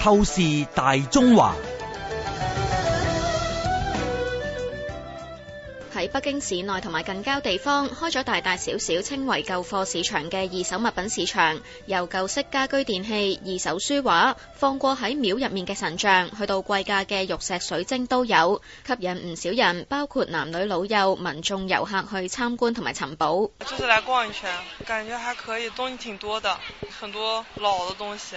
透視大中華，喺北京市內同埋近郊地方開咗大大小小稱為舊貨市場嘅二手物品市場，由舊式家居電器、二手書畫、放過喺廟入面嘅神像，去到貴價嘅玉石水晶都有，吸引唔少人，包括男女老幼、民眾遊客去參觀同埋尋寶。就是來逛一圈，感覺還可以，東西挺多的，很多老的東西。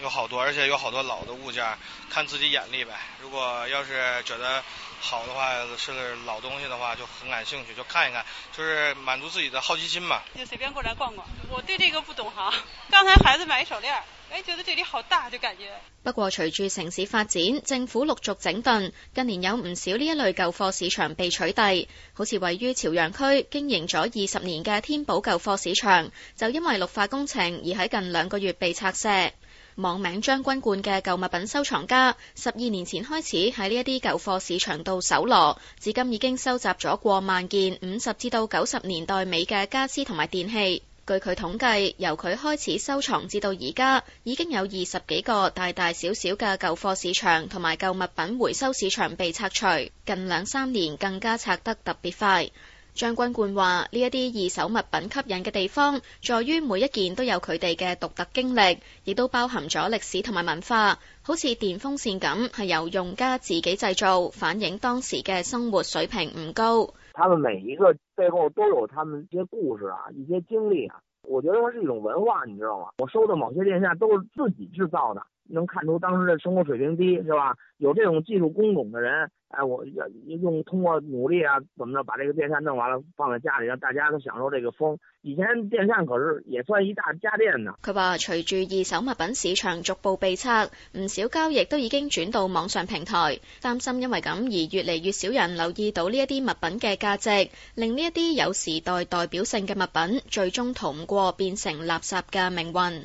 有好多，而且有好多老的物件，看自己眼力唄。如果要是覺得好的話，是老東西的話，就很感興趣，就看一看，就是滿足自己的好奇心嘛。就隨便過來逛逛，逛，我對這個不懂行。剛才孩子買一手鏈，哎，覺得這裏好大，就感覺。不過，隨住城市發展，政府陸續整頓，近年有唔少呢一類舊貨市場被取締，好似位於朝陽區、經營咗二十年嘅天寶舊貨市場，就因為綠化工程而喺近兩個月被拆卸。網名將軍冠嘅舊物品收藏家，十二年前開始喺呢一啲舊貨市場度搜羅，至今已經收集咗過萬件五十至到九十年代尾嘅家私同埋電器。據佢統計，由佢開始收藏至到而家，已經有二十幾個大大小小嘅舊貨市場同埋舊物品回收市場被拆除，近兩三年更加拆得特別快。張軍冠話：呢一啲二手物品吸引嘅地方，在於每一件都有佢哋嘅獨特經歷，亦都包含咗歷史同埋文化。好似電風扇咁，係由用家自己製造，反映當時嘅生活水平唔高。他們每一個背後都有他們一些故事啊，一些經歷啊。我覺得佢是一種文化，你知道嗎？我收的某些物件都是自己製造的。能看出當時的生活水平低，是吧？有這種技術工種的人，哎，我要用通過努力啊，怎麼着把這個電扇弄完了，放在家裡讓大家都享受這個風。以前電扇可是也算一大家電呢。佢話隨住二手物品市場逐步被拆，唔少交易都已經轉到網上平台，擔心因為咁而越嚟越少人留意到呢一啲物品嘅價值，令呢一啲有時代代表性嘅物品最終逃唔過變成垃圾嘅命運。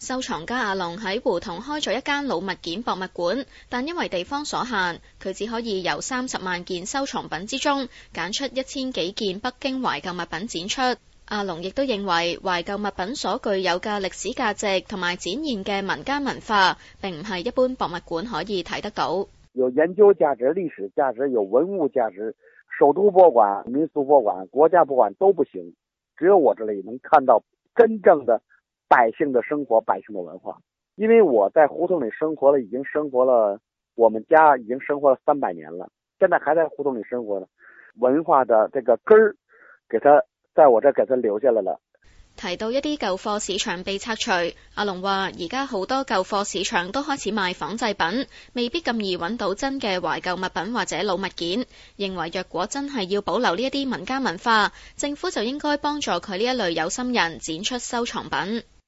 收藏家阿龍喺胡同開咗一間老物件博物館，但因為地方所限，佢只可以由三十萬件收藏品之中揀出一千幾件北京懷舊物品展出。阿龍亦都認為懷舊物品所具有嘅歷史價值同埋展現嘅民間文化，並唔係一般博物館可以睇得到。有研究價值、歷史價值、有文物價值，首都博物館、民俗博物館、國家博物館都不行，只有我這裏能看到真正的。百姓的生活，百姓的文化。因為我在胡同裏生活了，已經生活了，我們家已經生活了三百年了，現在還在胡同裏生活呢。文化的這個根兒，給他在我這給他留下來了。提到一啲舊貨市場被拆除，阿龍話，而家好多舊貨市場都開始賣仿製品，未必咁易搵到真嘅懷舊物品或者老物件。認為若果真係要保留呢一啲民間文化，政府就應該幫助佢呢一類有心人展出收藏品。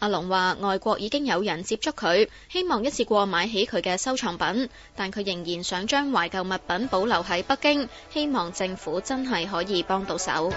阿龍話：外國已經有人接觸佢，希望一次過買起佢嘅收藏品，但佢仍然想將懷舊物品保留喺北京，希望政府真係可以幫到手。